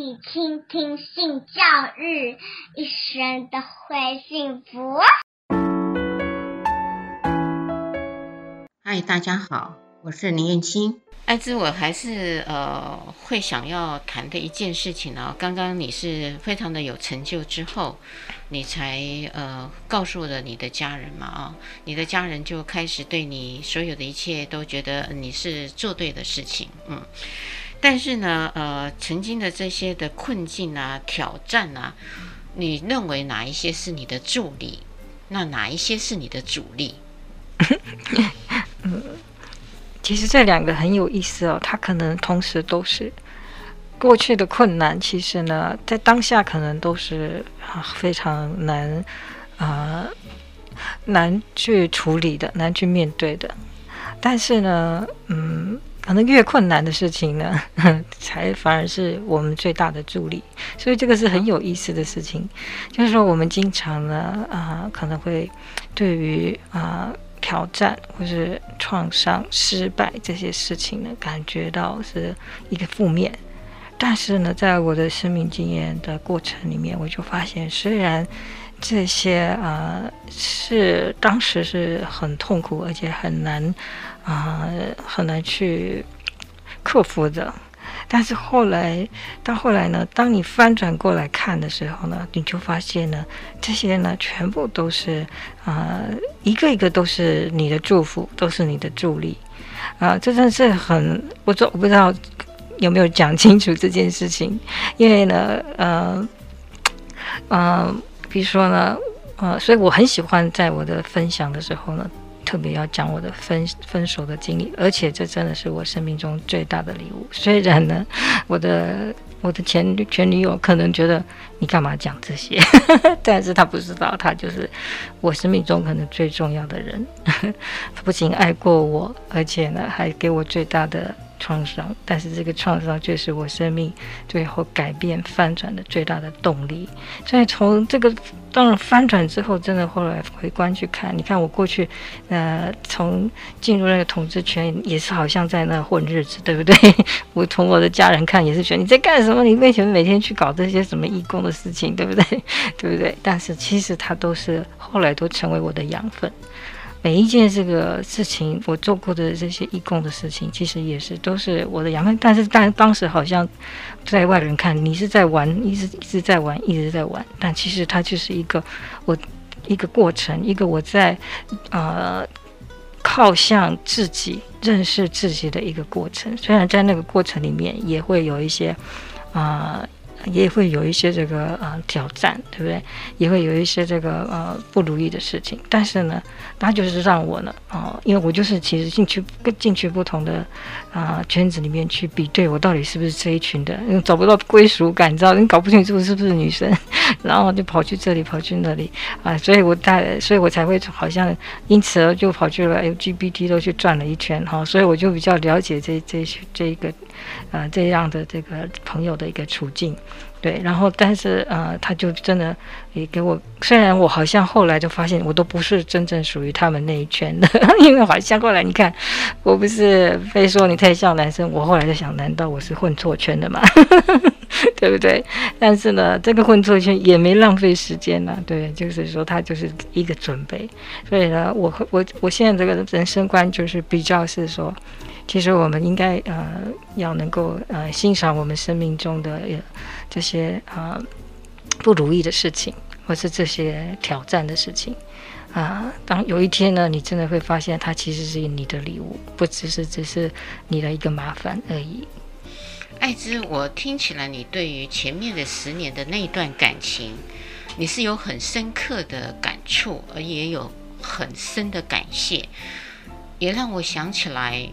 你傾聽性教育，一生都會幸福。嗨，大家好，我是林燕青。愛芝，我還是呃會想要談的一件事情哦、啊。剛剛你是非常的有成就之後，你才呃告訴了你的家人嘛？啊、哦，你的家人就開始對你所有的一切都覺得你是做對的事情，嗯。但是呢，呃，曾經的這些的困境啊、挑戰啊，你認為哪一些是你的助力？那哪一些是你的阻力？ 嗯，其實這兩個很有意思哦。它可能同時都是過去的困難，其實呢，在當下可能都是啊非常難啊、呃、難去處理的、難去面對的。但是呢，嗯。可能越困難的事情呢，才反而是我們最大的助力。所以這個是很有意思的事情，就是說我們經常呢，啊、呃，可能會對於啊、呃、挑戰或是創傷、失敗這些事情呢，感覺到是一個負面。但是呢，在我的生命經驗的過程裡面，我就發現，雖然。這些啊、呃、是當時是很痛苦，而且很難啊、呃，很難去克服的。但是後來到後來呢，當你翻轉過來看的時候呢，你就發現呢，這些呢全部都是啊、呃，一個一個都是你的祝福，都是你的助力啊、呃！這真是很我，我不我不知道有沒有講清楚這件事情，因為呢，呃，嗯、呃。比如說呢，呃，所以我很喜歡在我的分享的時候呢，特別要講我的分分手的經歷，而且這真的是我生命中最大的禮物。雖然呢，我的我的前前女友可能覺得你幹嘛講這些， 但是他不知道，他就是我生命中可能最重要的人， 她不僅愛過我，而且呢還給我最大的。創傷，但是這個創傷卻是我生命最後改變翻轉的最大的動力。所以從這個當然翻轉之後，真的後來回觀去看，你看我過去，呃，從進入那個同志圈也是好像在那混日子，對不對？我從我的家人看也是覺得你在幹什麼？你為什麼每天去搞這些什麼義工的事情，對不對？對不對？但是其實它都是後來都成為我的養分。每一件這個事情，我做過的這些義工的事情，其實也是都是我的養分。但是但，但當時好像在外人看，你是在玩，一直一直在玩，一直在玩。但其實它就是一個我一個過程，一個我在呃靠向自己認識自己的一個過程。雖然在那個過程裡面也會有一些啊。呃也會有一些這個呃挑戰，對不對？也會有一些這個呃不如意的事情。但是呢，他就是讓我呢，啊、呃，因為我就是其實進去跟進去不同的啊、呃、圈子裡面去比對，我到底是不是這一群的？找不到歸屬感，你知道？你搞不清楚是不是女生，然後就跑去這裡，跑去那裡啊、呃，所以我帶，所以我才會好像因此而就跑去了 LGBT 都去轉了一圈哈、哦，所以我就比較了解這這些這一個。呃，這樣的這個朋友的一個處境，對，然後但是呃，他就真的也給我，雖然我好像後來就發現，我都不是真正屬於他們那一圈的，因為好像過來你看，我不是非說你太像男生，我後來就想，難道我是混錯圈的嗎？ 對不對？但是呢，這個混錯圈也沒浪費時間呢、啊。對，就是說，它就是一個準備。所以呢，我我我現在這個人生觀就是比較是說，其實我們應該呃要能夠呃欣賞我們生命中的、呃、這些啊、呃、不如意的事情，或是這些挑戰的事情啊、呃。當有一天呢，你真的會發現，它其實是你的禮物，不只是只是你的一個麻煩而已。愛芝，我聽起來你對於前面的十年的那一段感情，你是有很深刻的感觸，而也有很深的感謝，也讓我想起來，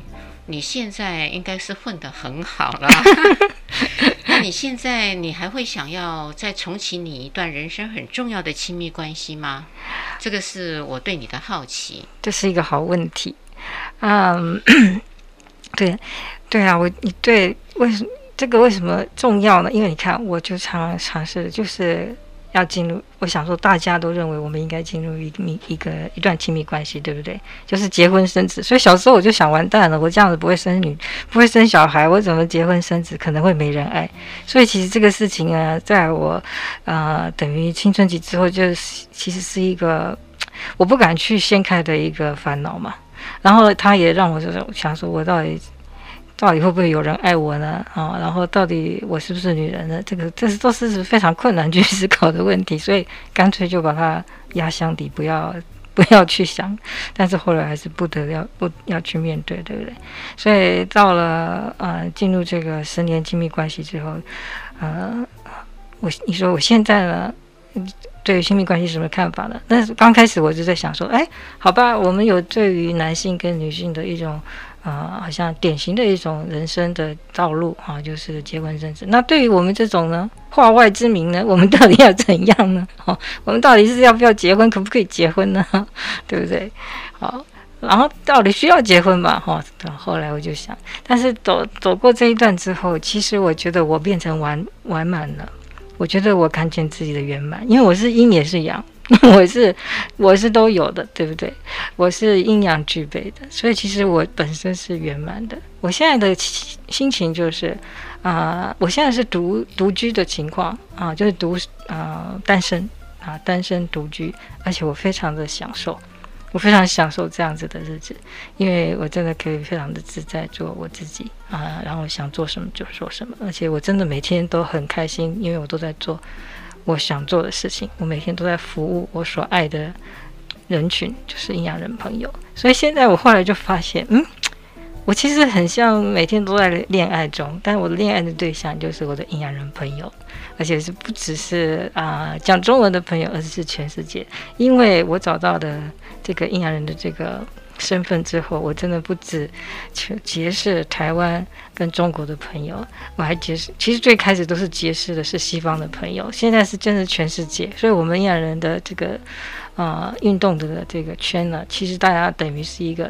你現在應該是混得很好了。 那你現在你還會想要再重啟你一段人生很重要的親密關係嗎？這個是我對你的好奇。這是一個好問題。嗯、um, 對。對啊，我你對為什麼這個為什麼重要呢？因為你看，我就常常嘗試，就是要進入。我想說，大家都認為我們應該進入一密一個一段親密關係，對不對？就是結婚生子。所以小時候我就想完蛋了，我這樣子不會生女，不會生小孩，我怎麼結婚生子？可能會沒人愛。所以其實這個事情啊，在我呃等於青春期之後，就是其實是一個我不敢去掀開的一個煩惱嘛。然後他也讓我就是想說，我到底。到底會不會有人愛我呢？啊、哦，然後到底我是不是女人呢？這個這是都是非常困難去思考的問題，所以乾脆就把它壓箱底，不要不要去想。但是後來還是不得要不要去面對，對不對？所以到了呃進入這個十年親密關係之後，呃，我你說我現在呢，對於親密關係是什麼看法呢？那剛開始我就在想說，哎，好吧，我們有對於男性跟女性的一種。啊、呃，好像典型的一種人生的道路啊、哦，就是結婚生子。那對於我們這種呢，化外之民呢，我們到底要怎樣呢？哦，我們到底是要不要結婚，可不可以結婚呢？ 對不對？好，然後到底需要結婚吧。哈、哦，後來我就想，但是走走過這一段之後，其實我覺得我變成完完滿了，我覺得我看見自己的圓滿，因為我是陰也是陽。 我是我是都有的，對不對？我是陰陽俱備的，所以其實我本身是圓滿的。我現在的心情就是，啊、呃，我現在是獨獨居的情況啊、呃，就是獨啊、呃、單身啊、呃、單身獨居，而且我非常的享受，我非常享受這樣子的日子，因為我真的可以非常的自在做我自己啊、呃，然後想做什麼就做什麼，而且我真的每天都很開心，因為我都在做。我想做的事情，我每天都在服務我所愛的人群，就是陰陽人朋友。所以現在我後來就發現，嗯，我其實很像每天都在戀愛中，但我戀愛的對象就是我的陰陽人朋友，而且是不只是啊、呃、講中文的朋友，而是全世界，因為我找到的這個陰陽人的這個。身份之後，我真的不只去結識台灣跟中國的朋友，我還結識，其實最開始都是結識的是西方的朋友，現在是真的全世界，所以我們陰陽人的這個啊、呃、運動的這個圈呢，其實大家等於是一個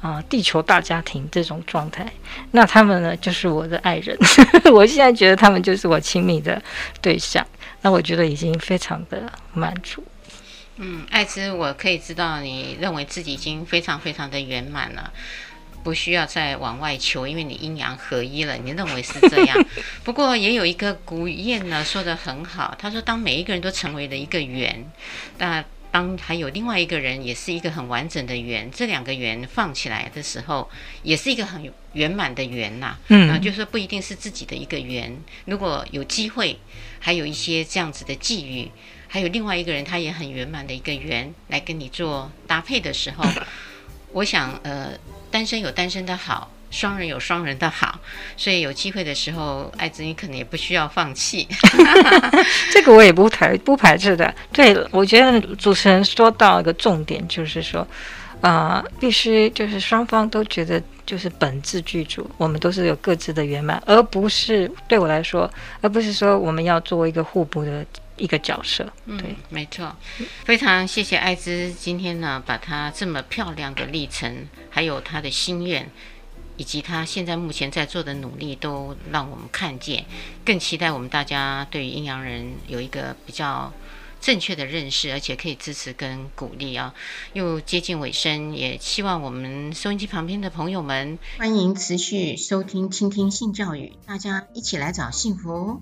啊、呃、地球大家庭這種狀態，那他們呢就是我的愛人呵呵，我現在覺得他們就是我親密的對象，那我覺得已經非常的滿足。嗯，愛芝，我可以知道你認為自己已經非常非常的圓滿了，不需要再往外求，因為你陰陽合一了，你認為是這樣。 不過也有一個古諺呢，說得很好，他說當每一個人都成為了一個圓，那當還有另外一個人也是一個很完整的圓，這兩個圓放起來的時候，也是一個很圓滿的圓、啊。吶。嗯，就是說不一定是自己的一個圓，如果有機會，還有一些這樣子的際遇。還有另外一個人，他也很圓滿的一個圓，來跟你做搭配的時候， 我想，呃，單身有單身的好，雙人有雙人的好，所以有機會的時候，愛芝你可能也不需要放棄。 這個我也不排不排斥的。對，我覺得主持人說到一個重點，就是說，呃，必須就是雙方都覺得就是本自具足，我們都是有各自的圓滿，而不是對我來說，而不是說我們要做一個互補的一個角色，對、嗯，沒錯，非常謝謝愛芝今天呢，把她這麼漂亮的歷程，還有他的心願，以及他現在目前在做的努力，都讓我們看見，更期待我們大家對於陰陽人有一個比較正確的認識，而且可以支持跟鼓勵啊。又接近尾聲，也希望我們收音機旁邊的朋友們，歡迎持續收聽、傾聽性教育，大家一起來找幸福哦。